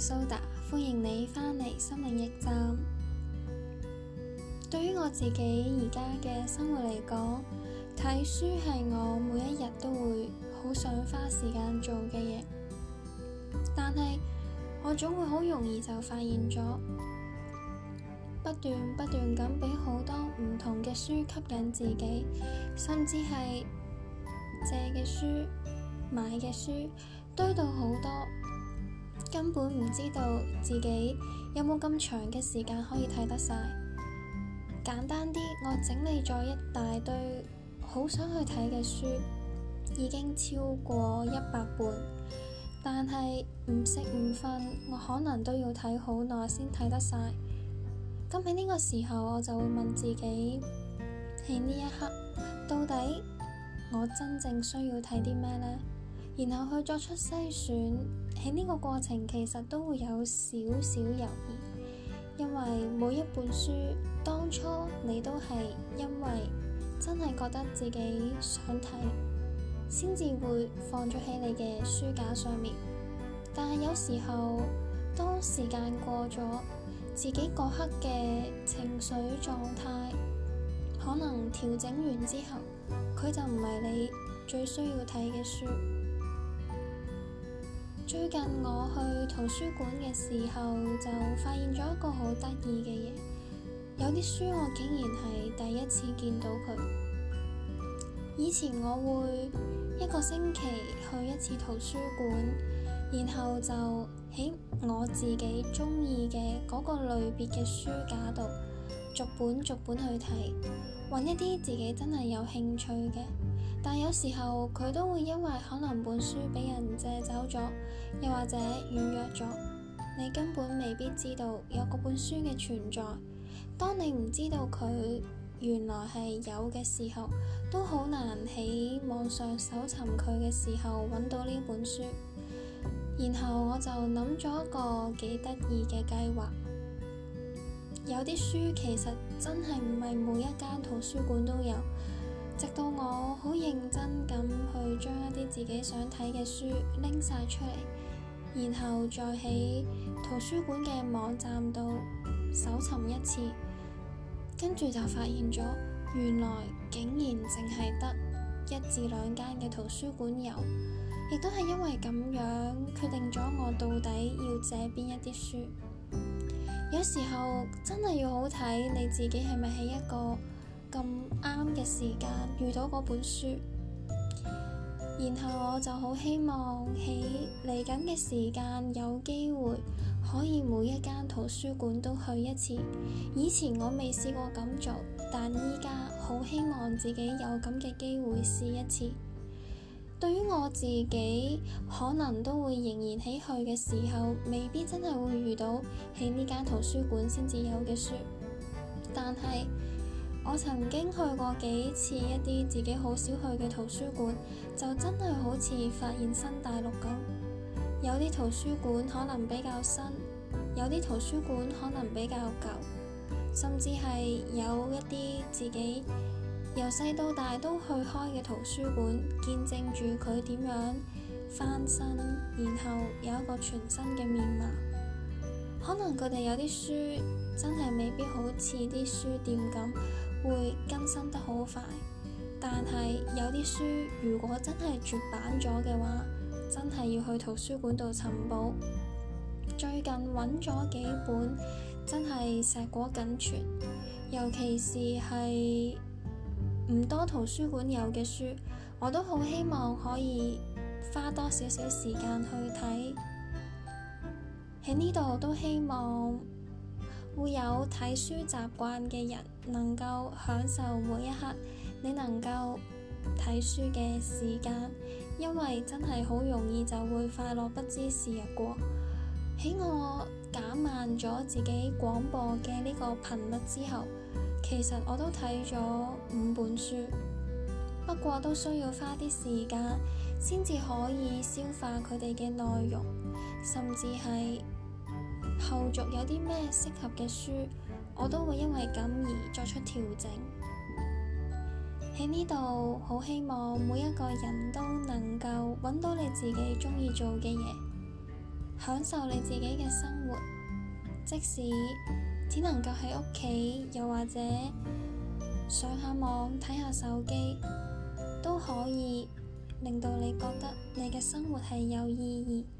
蘇達，Soda，歡迎你翻嚟心靈驛站。對於我自己而家嘅生活嚟講，睇書係我每一日都會好想花時間做嘅嘢。但係我總會好容易就發現咗，不斷不斷咁俾好多唔同嘅書吸引自己，甚至係借嘅書、買嘅書堆到好多。根本唔知道自己有冇咁長嘅時間可以睇得晒。簡單啲，我整理咗一大堆好想去睇嘅書，已經超過一百本。但係唔食唔瞓，我可能都要睇好耐先睇得晒。咁喺呢個時候，我就會問自己：喺呢一刻，到底我真正需要睇啲咩呢？然後去作出篩選，喺呢個過程，其實都會有少少猶豫，因為每一本書當初你都係因為真係覺得自己想睇，先至會放咗喺你嘅書架上面。但係有時候，當時間過咗，自己嗰刻嘅情緒狀態可能調整完之後，佢就唔係你最需要睇嘅書。最近我去圖書館嘅時候，就發現咗一個好得意嘅嘢，有啲書我竟然係第一次見到佢。以前我會一個星期去一次圖書館，然後就喺我自己中意嘅嗰個類別嘅書架度逐本逐本去睇，揾一啲自己真係有興趣嘅。但有時候佢都會因為可能本書俾人借走咗，又或者預約咗，你根本未必知道有嗰本書嘅存在。當你唔知道佢原來係有嘅時候，都好難喺網上搜尋佢嘅時候揾到呢本書。然後我就諗咗一個幾得意嘅計劃，有啲書其實真係唔係每一間圖書館都有。直到我好認真咁去將一啲自己想睇嘅書拎晒出嚟，然後再喺圖書館嘅網站度搜尋一次，跟住就發現咗，原來竟然淨係得一至兩間嘅圖書館有，亦都係因為咁樣決定咗我到底要借邊一啲書。有時候真係要好睇，你自己係咪係一個咁啱嘅時間遇到嗰本書，然後我就好希望喺嚟緊嘅時間有機會可以每一間圖書館都去一次。以前我未試過咁做，但依家好希望自己有咁嘅機會試一次。對於我自己，可能都會仍然喺去嘅時候，未必真係會遇到喺呢間圖書館先至有嘅書，但係。我曾經去過幾次一啲自己好少去嘅圖書館，就真係好似發現新大陸咁。有啲圖書館可能比較新，有啲圖書館可能比較舊，甚至係有一啲自己由細到大都去開嘅圖書館，見證住佢點樣翻新，然後有一個全新嘅面貌。可能佢哋有啲書真係未必好似啲書店咁。會更新得好快，但係有啲書如果真係絕版咗嘅話，真係要去圖書館度尋寶。最近揾咗幾本真係碩果僅存，尤其是係唔多圖書館有嘅書，我都好希望可以花多少少時間去睇。喺呢度我都希望。會有睇書習慣嘅人，能夠享受每一刻你能夠睇書嘅時間，因為真係好容易就會快樂不知時日過。喺我減慢咗自己廣播嘅呢個頻率之後，其實我都睇咗五本書，不過都需要花啲時間先至可以消化佢哋嘅內容，甚至係。後續有啲咩適合嘅書，我都會因為咁而作出調整。喺呢度，好希望每一個人都能夠揾到你自己鍾意做嘅嘢，享受你自己嘅生活，即使只能夠喺屋企，又或者上下網睇下手機，都可以令到你覺得你嘅生活係有意義。